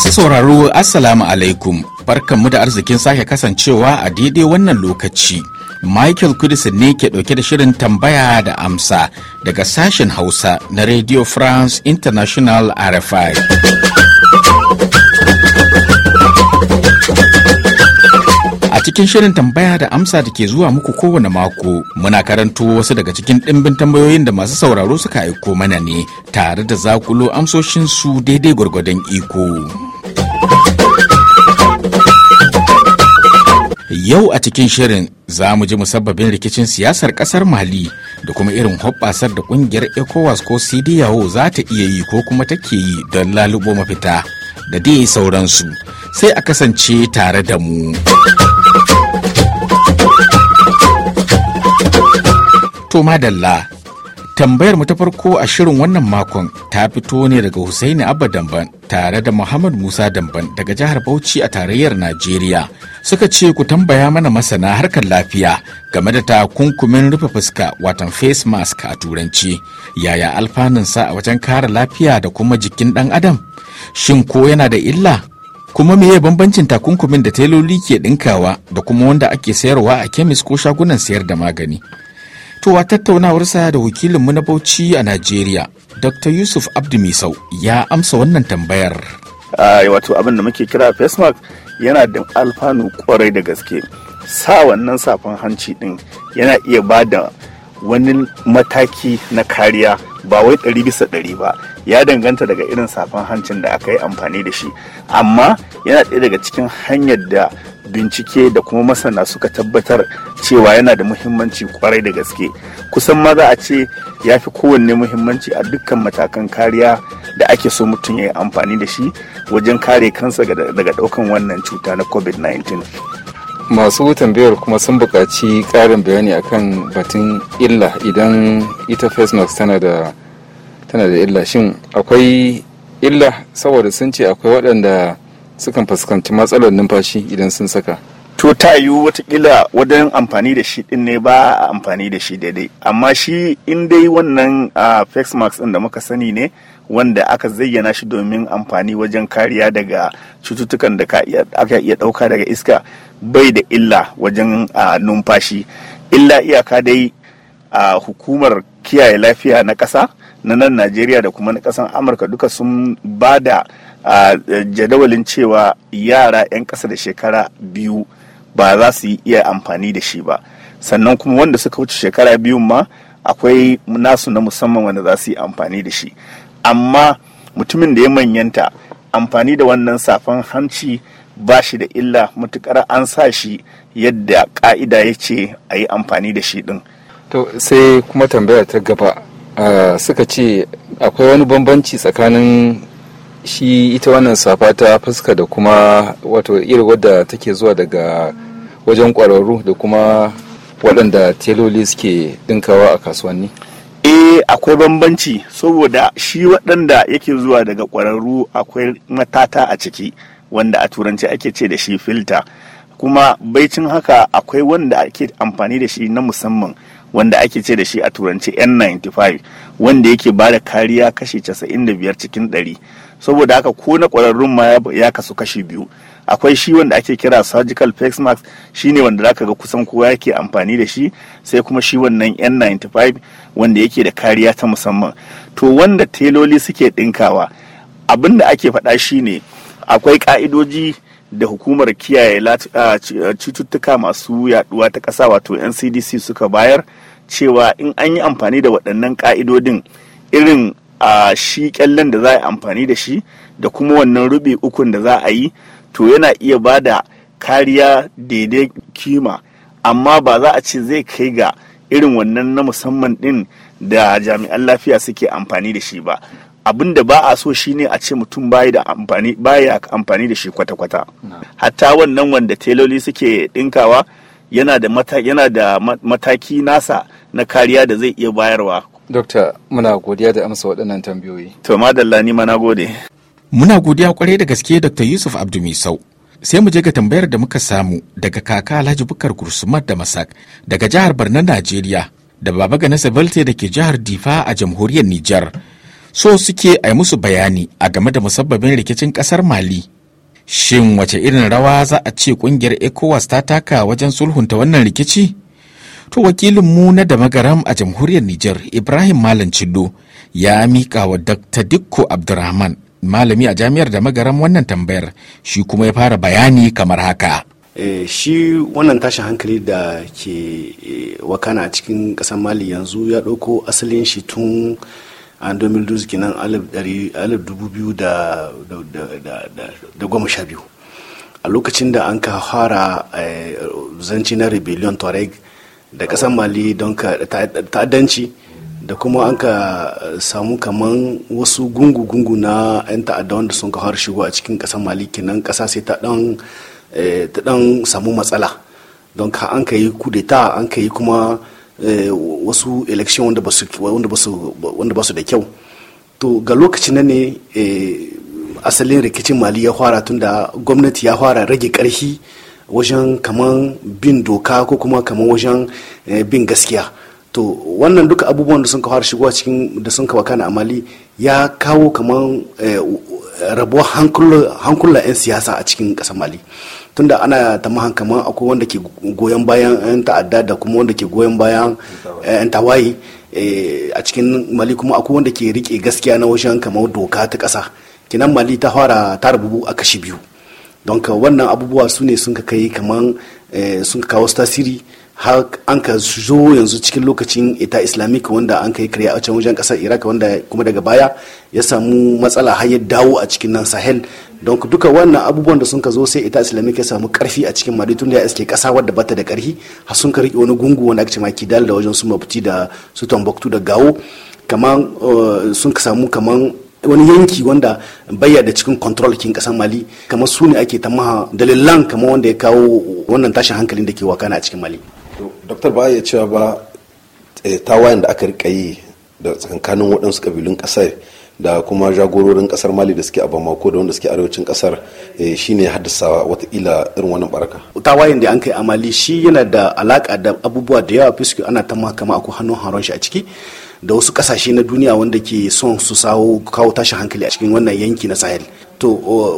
Masu sauraro Assalamu alaikum barkanmu da arzikin sake kasancewa a daidai wannan lokaci. Michael Kudisin ne ke dauke da shirin tambaya da amsa daga sashen Hausa na Radio France International RFI. A cikin shirin tambaya da amsa da ke zuwa muku kowane mako muna karanto wasu daga cikin ɗimbin tambayoyin da masu sauraro suka aiko mana ne tare da zakulo amsoshin su daidai gwargwadon iko. Yau a cikin shirin za mu ji musabbabin rikicin siyasar kasar Mali da kuma irin hoɓɓasar da kungiyar ECOWAS ko CDAO za ta iya yi ko kuma take yi don lalubo mafita da dai sauransu sai a kasance tare da mu. soma dalla tambayar mu ta farko a shirin wannan makon ta fito ne daga Husaini Abba Damban tare da Muhammad Musa Damban daga jihar Bauchi a tarayyar Najeriya suka ce ku tambaya mana masana harkar lafiya game da takunkumin rufe fuska watan face mask a turanci yaya alfanunsa a wajen kare lafiya da kuma jikin dan adam shin ko yana da illa kuma meye bambancin takunkumin da teloli ke ɗinkawa da kuma wanda ake sayarwa a kemis ko shagunan sayar da magani To a tattaunawarsa da wakilinmu na Bauchi a Najeriya, Dr. Yusuf Abdu ya amsa wannan tambayar. wato abin da muke kira face mask yana da alfanu kwarai da gaske. Sa wannan safan hanci din yana iya ba da wani mataki na kariya ba wai ɗari bisa ɗari ba ya danganta daga irin safan hancin da aka yi amfani da shi amma yana ɗaya daga cikin hanyar da bincike da kuma masana suka tabbatar cewa yana da muhimmanci kwarai da gaske kusan ma za a ce ya fi kowanne muhimmanci a dukkan matakan kariya da ake so mutum ya yi amfani da shi wajen kare kansa daga daukan wannan cuta na covid-19 masu tambayar kuma sun buƙaci ƙarin bayani akan batun illa idan ita face mask tana da illa shin akwai illa saboda sun ce akwai waɗanda sukan fuskanci matsalar numfashi idan sun saka to ta yiwu watakila wajen amfani da shi din ne ba a amfani da shi daidai amma shi in dai wannan face mask ɗin da muka sani ne wanda aka zayyana shi domin amfani wajen kariya daga cututtukan da aka iya ɗauka daga iska bai da illa wajen numfashi illa iyaka dai hukumar kiyaye lafiya na ƙasa na nan najeriya da kuma na ƙasan amurka duka sun ba da a jadawalin cewa yara 'yan ƙasa da shekara biyu ba za su iya amfani da shi ba sannan kuma wanda suka wuce shekara biyun ma akwai nasu na musamman wanda za su yi amfani da shi amma mutumin da ya manyanta amfani da wannan safan hanci ba shi da illa matukar an sa shi yadda ka'ida ya ce a yi amfani da shi din to sai kuma tambaya ta gaba suka ce akwai wani bambanci tsakanin shi ita wannan safa ta fuska da kuma wato irin wadda take zuwa daga wajen kwararru da kuma waɗanda teloli suke dinkawa a kasuwanni eh akwai bambanci saboda shi waɗanda yake zuwa daga kwararru akwai matata a ciki wanda a turanci ake ce da shi filta kuma baicin haka akwai wanda ake amfani da shi na musamman wanda ake ce da shi a turanci n95 wanda yake ba da kariya kashi 95 cikin 100 saboda haka ko na kwararrun ma ya kasu kashi biyu akwai shi wanda ake kira surgical face mask shine wanda zaka ga kusan kowa yake amfani da shi sai kuma shi wannan n95 wanda yake da kariya ta musamman to wanda teloli suke ɗinkawa abin da ake faɗa shine akwai ƙa'idoji da hukumar kiyaye cututtuka masu yaduwa ta ƙasa wato ncdc suka bayar cewa in an yi amfani da waɗannan ƙa'idodin irin a shi kyallen da za a yi amfani da shi da kuma wannan rubi ukun da za a yi to yana iya ba da kariya daidai kima amma ba za a ce zai kai ga irin wannan na musamman ɗin da jami'an lafiya suke amfani da shi ba abin da ba a so shine a ce mutum bayi da amfani baya amfani da shi kwata-kwata hatta wannan wanda teloli suke dinkawa yana da yana da mataki nasa na kariya da zai iya bayarwa dokta muna godiya da amsa waɗannan tambayoyi to madalla ni mana gode muna godiya kwarai da gaske dr yusuf abdumisau sai mu je ga tambayar da muka samu daga kaka alhaji bukar gursumar da masak daga jihar barna najeriya da baba ganasa nasabalte da ke jihar difa a jamhuriyar nijar so suke a musu bayani a game da musabbabin rikicin kasar mali shin wace irin rawa za a ce kungiyar ecowas ta taka wajen sulhunta wannan rikici to wakilin mu na da magaram a jamhuriyar niger ibrahim malam cillo ya mika wa dr dikko abdurrahman malami a jami'ar da magaram wannan tambayar shi kuma ya fara bayani kamar haka eh, shi wannan tashin hankali da ke eh, wakana a cikin ƙasar mali yanzu ya ɗauko asalin shi tun an 2012 kenan alif dubu da sha biyu a lokacin da an ka fara eh, zanci na rebellion tuareg da kasar mali don ka ta'addanci da kuma an ka eh, samu kaman wasu gungu-gungu na 'yan ta'adda wanda sun ka fara shigo a cikin kasar mali kenan kasa sai ta dan eh, samu matsala don ka an ka yi kudeta an ka yi kuma Eh, wasu election wanda ba su da kyau to ga lokacin nan ne eh, asalin rikicin mali ya fara tun da gwamnati ya fara rage karfi wajen kaman bin doka ko kuma kaman wajen eh, bin gaskiya to wannan duka abubuwan da sun fara shigowa cikin da sun wakana a mali ya kawo kaman rabuwar hankula 'yan siyasa a cikin ƙasar mali tunda ana ta kamar akwai wanda ke goyon bayan 'yan ta'adda da kuma wanda ke goyon bayan eh, 'yan tawaye eh, a cikin mali kuma akwai wanda ke rike gaskiya na wajen kamar doka ta ƙasa kinan mali ta fara ta rububu a kashi biyu don wannan abubuwa su ne sun ka kai kamar eh, sun kawo tasiri har an ka zo yanzu cikin lokacin ita islamic wanda an kai kariya a can wajen kasar iraq wanda kuma daga baya ya samu matsala har ya dawo a cikin nan sahel don duka wannan abubuwan da sun ka zo sai ita islamic ya samu karfi a cikin mali tunda ya iske kasa wadda bata da karfi har sun ka rike wani gungu wanda ake cewa kidal da wajen su mabuti da su tambaktu da gawo kaman eh, sun ka samu kaman wani yanki wanda bayya da cikin control kin kasar mali kamar su ake ta maha dalilan kamar wanda ya kawo wannan tashin hankalin da ke wakana a cikin mali Dr. ba ya cewa ba tawayen da aka rika yi da tsakankanin waɗansu kabilun ƙasar da kuma jagororin ƙasar mali da suke a bamako da wanda suke arewacin ƙasar eh, shine haddasa wata ila irin wannan baraka tawayen da an kai a mali shi yana da alaƙa da abubuwa da yawa fiske ana ta kama akwai hannun haron shi a ciki da wasu kasashe na duniya wanda ke son su sawo kawo tashin hankali a cikin wannan yanki na sahel to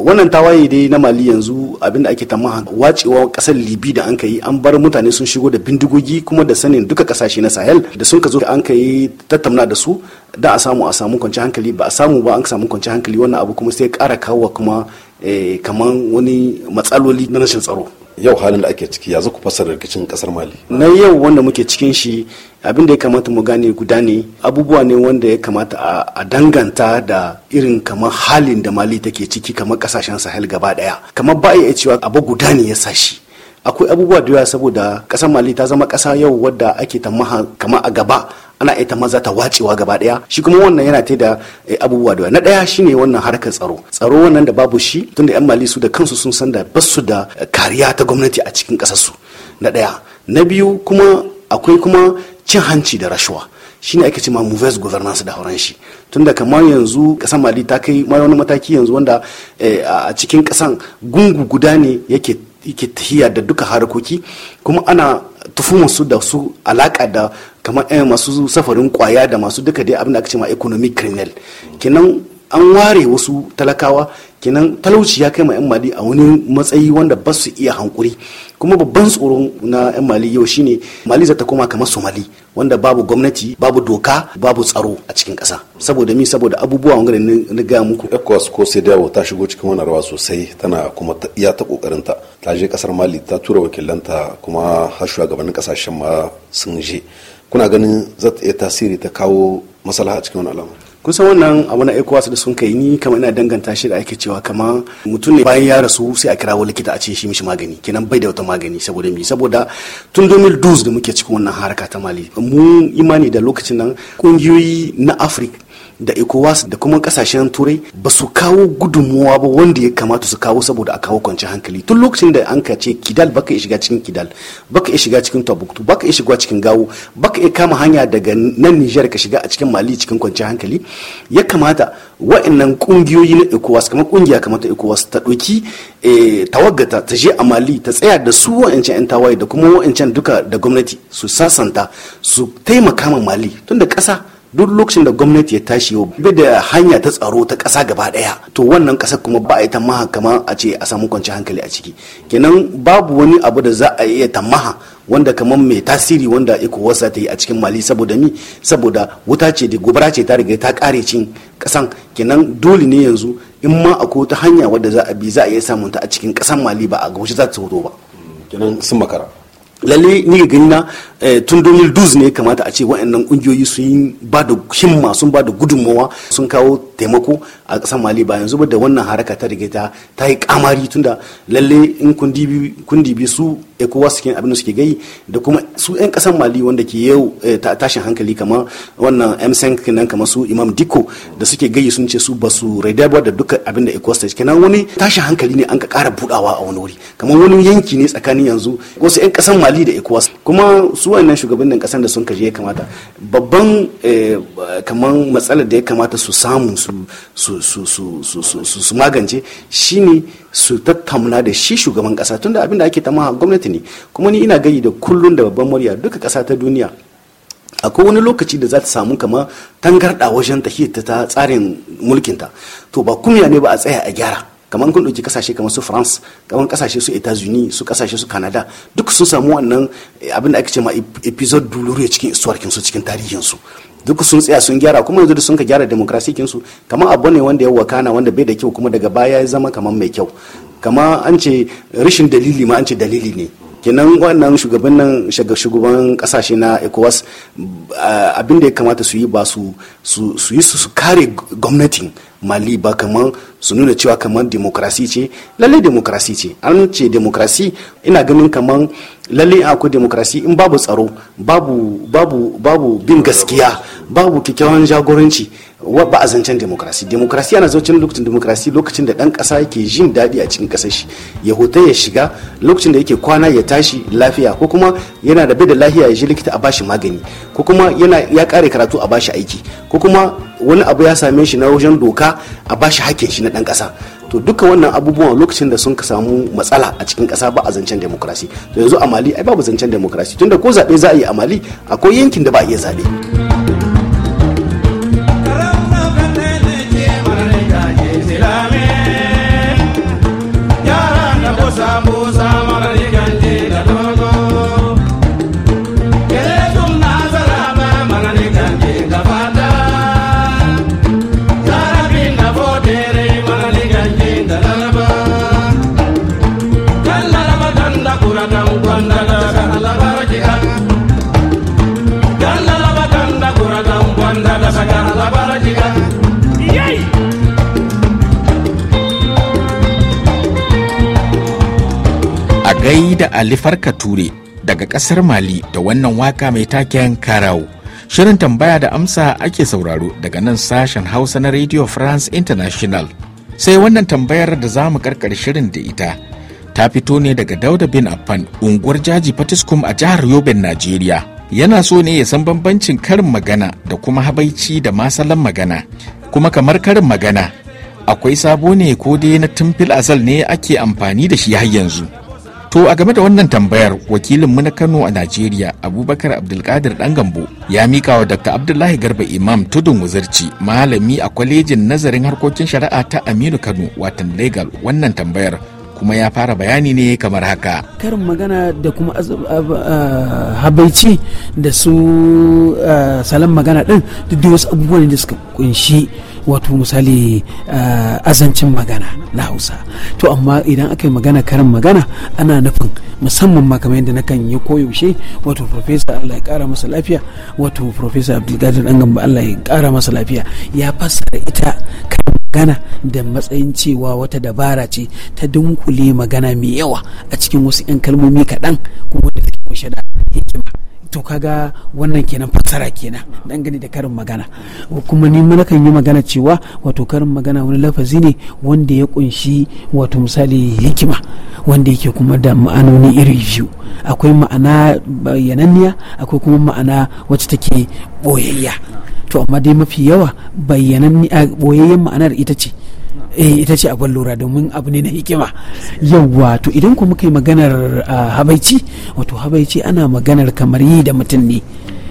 wannan tawaye dai na mali yanzu abinda ake tamaha wacewa kasar libi da an kai an bar mutane sun shigo da bindigogi kuma da sanin duka kasashe na sahel da sun ka zo an kai tattauna da su da a samu a samu kwanci hankali ba a samu ba an samu kwanci hankali wannan abu kuma sai kara kawo kuma eh, kamar wani matsaloli na rashin tsaro yau halin da ake ciki yanzu ku fassara rikicin kasar mali na yau wanda muke cikin shi abin da ya kamata mu gane guda ne abubuwa ne wanda ya kamata a danganta da irin kamar halin da mali take ciki kamar kasashen sahel gaba daya kamar ba iya cewa abu guda ne ya sashi akwai abubuwa da yawa saboda kasar mali ta zama kasa yau wadda ake tamaha kamar a gaba ana ita maza ta wacewa gaba daya shi kuma wannan yana ta da eh, abubuwa da na daya shine wannan harkar tsaro tsaro wannan da babu shi tunda yan mali su da kansu sun san da basu da eh, kariya ta gwamnati a cikin kasarsu na daya na biyu kuma akwai kuma cin hanci da rashuwa shine ake cewa movers governance da hauran shi tunda kamar yanzu kasan mali ta kai wani mataki yanzu wanda eh, a cikin kasan gungu guda ne yake ke tahiya da duka harkoki kuma ana tuhumar su da su alaka da kamar yan eh, masu safarin kwaya da masu duka dai abin da aka ce ma economic criminal kenan an ware wasu talakawa kenan talauci ya kai ma yan mali a wani matsayi wanda ba su iya hankuri kuma babban tsoro na yan mali yau shine mali za ta koma kamar somali wanda babu gwamnati babu doka babu tsaro a cikin ƙasa saboda mi saboda abubuwa wanda na gaya muku ecowas ko sai dawo ta shigo cikin wani rawa sosai tana kuma iya ta kokarin ta je kasar mali ta tura wakilanta kuma har shugabannin kasashen ma sun je kuna ganin za ta iya tasiri ta kawo masala a cikin wani al'amari kun san wannan abu na ecowas da sun kai ni kamar ina danganta shi da ake cewa kamar mutum ne bayan ya rasu sai a kirawo likita a ce shi mishi magani kenan bai da wata magani saboda mi saboda tun 2012 da muke cikin wannan haraka ta mali mu imani da lokacin nan kungiyoyi na afirka da ecowas da kuma kasashen turai ba su kawo gudunmuwa ba wanda ya kamata su kawo saboda a kawo kwanci hankali tun lokacin da an ka ce kidal baka shiga cikin kidal baka iya shiga cikin tabuktu baka iya shiga cikin gawo baka iya kama hanya daga nan nijar ka shiga a cikin mali cikin kwanci hankali ya kamata wa'annan kungiyoyi na ecowas kamar kungiya kamata ta ecowas ta ɗauki eh, tawaggata ta je a mali ta tsaya da su wa'ancan 'yan tawaye da kuma wa'ancan duka da gwamnati su sasanta su taimaka ma mali da ƙasa duk lokacin da gwamnati ya tashi yau bai da hanya ta tsaro ta ƙasa gaba ɗaya to wannan ƙasar kuma ba a yi tamaha kamar a ce a samu kwanciyar hankali a ciki kenan babu wani abu da za a iya tamaha wanda kamar mai tasiri wanda iko wasa ta yi a cikin mali saboda ni saboda wuta ce da gobara ce ta riga ta kare cin kasan kenan dole ne yanzu in ma akwai wata hanya wadda za a bi za a iya samun ta a cikin kasan mali ba a gaushe za ta ba kenan sun makara lalle ni ga gani na Eh, tun 2012 ne kamata a ce waɗannan kungiyoyi sun ba da himma sun ba da gudunmawa sun kawo taimako a ƙasar mali ba yanzu da wannan haraka ta ta yi kamari tunda lalle in kundi bi su kowa suke abin da suke gai da kuma su 'yan ƙasar mali wanda ke yau eh, tashin hankali kamar wannan m5 nan kamar su imam diko da suke gai sun ce su basu su ba da duka abin da ecowas ta kenan wani tashin hankali ne an ka ƙara budawa a wani wuri kamar wani yanki ne tsakanin yanzu wasu 'yan ƙasar mali da ecowas kuma su wannan shugabannin kasar da sun kaje ya kamata babban eh, kamar matsalar da ya kamata su samu su magance shine su tattauna da shi shugaban kasa tunda abin da ake tamaha gwamnati ne kuma ni ina gani da kullun da babban murya duka kasa ta duniya akwai wani lokaci da za ta samu kama tangarɗa wajen tahiyar ta tsarin mulkinta to ba kumya ne ba a tsaya a gyara kamar kun ɗauki kasashe kamar su france kamar kasashe su etats-unis su kasashe su canada duk sun samu wannan eh, abin da ake ce ma episode douloureux cikin istuwarkin su cikin tarihin su duk sun tsaya sun gyara kuma yanzu da sun ka gyara demokrasikin su kamar abu ne wanda ya wakana wanda bai da kyau kuma daga baya ya zama kamar mai kyau kama an ce rashin dalili ma an ce dalili ne kenan wannan shugaban nan shugaban kasashe na ecowas ah, abin da ya kamata su yi ba su yi su kare gwamnatin mali ba kamar su nuna cewa kamar demokrasi ce lallai demokrasi ce an ce demokrasi ina ganin kamar lalle akwai demokrasi in babu tsaro babu babu babu bin gaskiya babu kyakkyawan jagoranci ba a zancen demokrasi demokrasi yana zaucin lokacin demokrasi lokacin da dan kasa yake jin daɗi a cikin kasar shi ya hota ya shiga lokacin da yake kwana ya tashi lafiya ko kuma yana da bai da lafiya ya je likita a bashi magani ko kuma yana ya kare karatu a bashi aiki ko kuma wani abu ya same shi na wajen doka a ba shi hakkin shi na dan kasa to duka wannan abubuwan lokacin da sun samu matsala a cikin kasa ba a zancen demokrasi to yanzu a mali ai babu zancen demokrasi tunda ko zaɓe za a yi a mali akwai yankin da ba a iya zaɓe. A la da Ali Farka Ture daga ƙasar Mali da wannan waka mai taken karawo. Shirin tambaya da amsa ake sauraro daga nan sashen Hausa na Radio France International. Sai wannan tambayar da za mu karkar shirin da ita ta fito ne daga Dauda bin Affan unguwar Jaji Fatiskum a jihar Yoben, Najeriya. yana so ne ya san bambancin karin magana da kuma habaici da masalan magana kuma kamar karin magana akwai sabo ne ko dai na tumfil asal ne ake amfani da shi har yanzu to a game da wannan tambayar wakilinmu na kano a najeriya abubakar abdulkadir dan gambo ya mika wa dr abdullahi garba imam tudun wuzirci malami a kwalejin nazarin harkokin shari'a ta aminu kano watan legal wannan tambayar kuma ya fara bayani ne kamar haka karin magana da kuma ah, habaici da su ah, salon magana din duk da wasu abubuwan da suka kunshi wato misali ah, azancin magana na hausa to amma idan aka yi magana karin magana ana nufin musamman ma kamar yadda nakan yi koyaushe wato profesa allah ya kara masa lafiya wato profesa abdulgadir dan gamba allah ya kara masa lafiya ya fassara ita karin magana da matsayin cewa wata dabara ce ta dunkule magana mai yawa a cikin wasu 'yan kalmomi kaɗan kuma da suke kunshe da hikima to kaga wannan kenan fassara kenan dangane da karin magana kuma ni mana kan yi magana cewa wato karin magana wani lafazi ne wanda ya kunshi wato misali hikima wanda yake kuma da ma'anoni iri biyu akwai ma'ana bayananniya akwai kuma ma'ana wacce take boyayya to amma dai mafi yawa bayyanan a boyayyen ma'anar ita ce eh ita ce abin lura domin abu ne na hikima yawa to idan ku muka yi maganar habaici wato habaici ana maganar kamar yi da mutum ne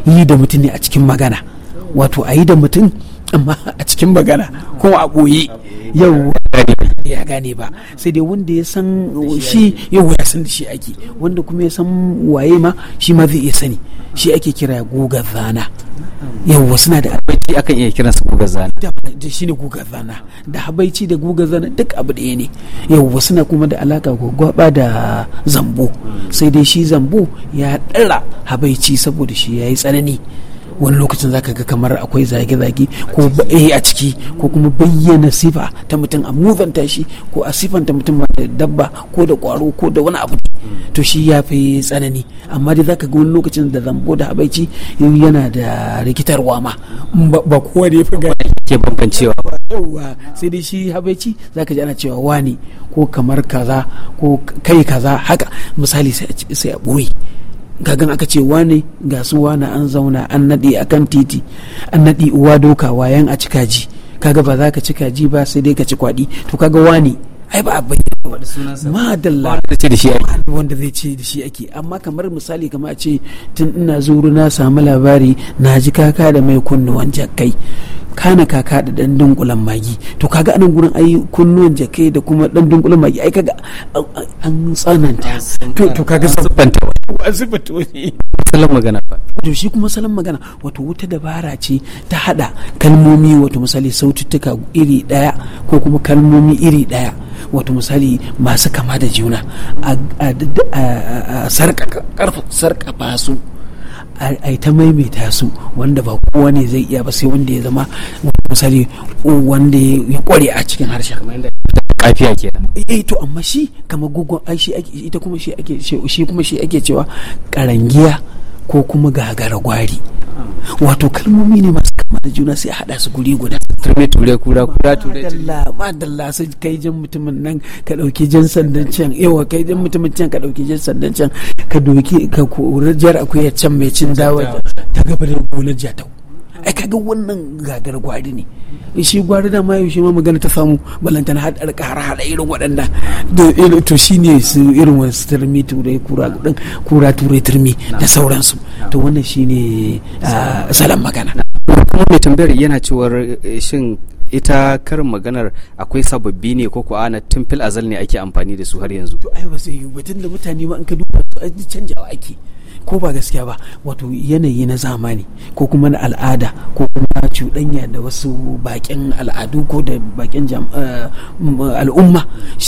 yi da mutum ne a cikin magana wato a yi da mutum amma a cikin magana kuma a ɓoye yau ya gane ba sai dai wanda ya san shi yau ya san da shi ake wanda kuma ya san waye ma shi ma zai iya sani shi ake kira guga zana wasu suna da abinci akan iya kiran su guga zana da shi ne guga zana da habaici da guga zana duk abu daya ne wasu suna kuma da alaka gwagwaba da zambo sai dai shi zambo ya ɗara habaici saboda shi ya yi tsanani wani lokacin zaka ga kamar akwai zage-zage ko eh, a ciki ko kuma bayyana sifa ta mutum a muzanta shi ko a sifanta mutum da dabba ko da kwaro ko da wani abu hmm. to shi ya fi tsanani amma dai zaka ga wani lokacin da zambo da abaici yana da rikitarwa ma ba kowa da ya fi gani ke bambancewa ba yauwa sai dai shi habaici zaka ji ana cewa wani ko kamar kaza ko kai kaza haka misali sai a boye gagan aka ce wane ga su wane an zauna an naɗe a kan titi an naɗe uwa doka wayan a cika ji kaga ba za ka cika ji ba sai dai ka ci kwaɗi to kaga wane ai ba a bayyana dalla wanda zai ce da shi ake amma kamar misali kamar a ce tun ina zuru na samu labari na ji kaka da mai kunnuwan jakai kana kaka da dan dunkulan magi to kaga anan gurin ai kunnuwan jakai da kuma dan dunkulan magi ai kaga an tsananta to to kaga sabbanta asibiti wani salon magana fa to shi kuma salon magana wato wata dabara ce ta hada kalmomi wato misali saututtuka iri daya ko kuma kalmomi iri daya wato misali masu kama da juna a sarƙafa su ai ta maimaita su wanda ba kowa ne zai iya ba sai wanda ya zama misali wanda ya kware a cikin harshe kamar yadda kafiya ke eh, to amma shi kamar gugun ai shi ita kuma shi ake shi kuma shi ake cewa karangiya ko kuma gagara gwari ah. wato kalmomi ne masu kama da juna sai a haɗa su guri guda turmi ture kura kura ture ba da lasu kai jan mutumin nan ka dauki jan sandan can yawa kai jan mutumin can ka dauki jan sandan can ka doki ka kori jar akuya can mai cin dawa ta gabar da gonar jatau ai kaga wannan gagar gwari ne shi gwari da ma yaushe ma magana ta samu balantan haɗar ƙara haɗa irin waɗanda to shi ne su irin wasu turmi turai kura kura turai turmi da sauransu to wannan shi ne ah, salon magana kuma mai tambayar yana cewar eh, shin ita karin maganar akwai sababbi ne ko ko ana tun azal ne ake amfani da su har yanzu to ai ba zai yi batun da mutane ma in ka duba su canjawa ake ko ba gaskiya ba wato yanayi na zamani ko kuma na al'ada ko kuma cuɗanya da wasu baƙin al'adu ko da baƙin eh, al'umma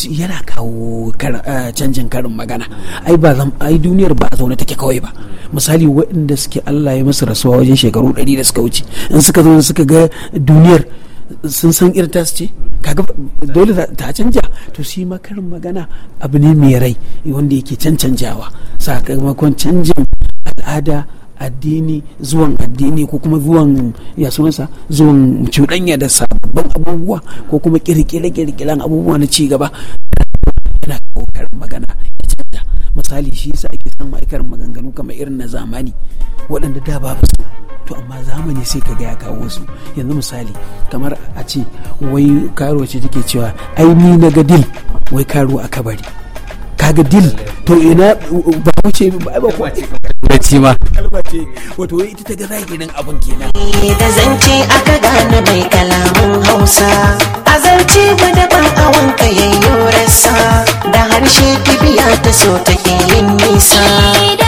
yana kawo eh, canjin karin magana ai ba ai duniyar ba a zaune take kawai ba misali waɗanda suke Allah ya musu rasuwa wajen shekaru ɗari da suka wuce in suka zo suka ga duniyar sun san irin ce kaga dole ta canja to shi makarin magana abu ne mai rai wanda yake cancanjawa sakamakon canjin al'ada addini zuwan addini ko kuma zuwan ya sunansa zuwan cuɗanya da sababbin abubuwa ko kuma kirkire kirkiren abubuwa na ci gaba yana kokarin magana misali shi yasa ake son ma'aikatar maganganu kamar irin na zamani waɗanda da babu su to amma zamani sai ka ga ya kawo su yanzu misali kamar a ce wai karo ce take cewa ai ni na ga dil wai karuwa a kabari kaga dil to ina ba ce ba ba ko bacci ma kalbace wato wai ita ta ga zagirin abun kenan eh, da zance aka gane mai kalamun Hausa zance guda dan ka yayyo rasa da harshe kibiya ta so take yin nisa da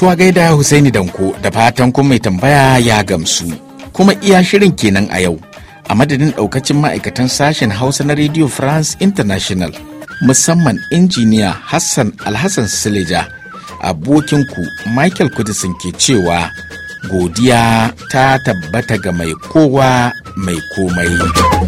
To a gaida Husaini Danko da fatan kun mai tambaya ya gamsu. Kuma iya shirin kenan a yau. A madadin ɗaukacin ma'aikatan sashen Hausa na Radio France International musamman injiniya Hassan Alhassan abokin ku Michael Kudisin ke cewa godiya ta tabbata ga mai kowa mai komai.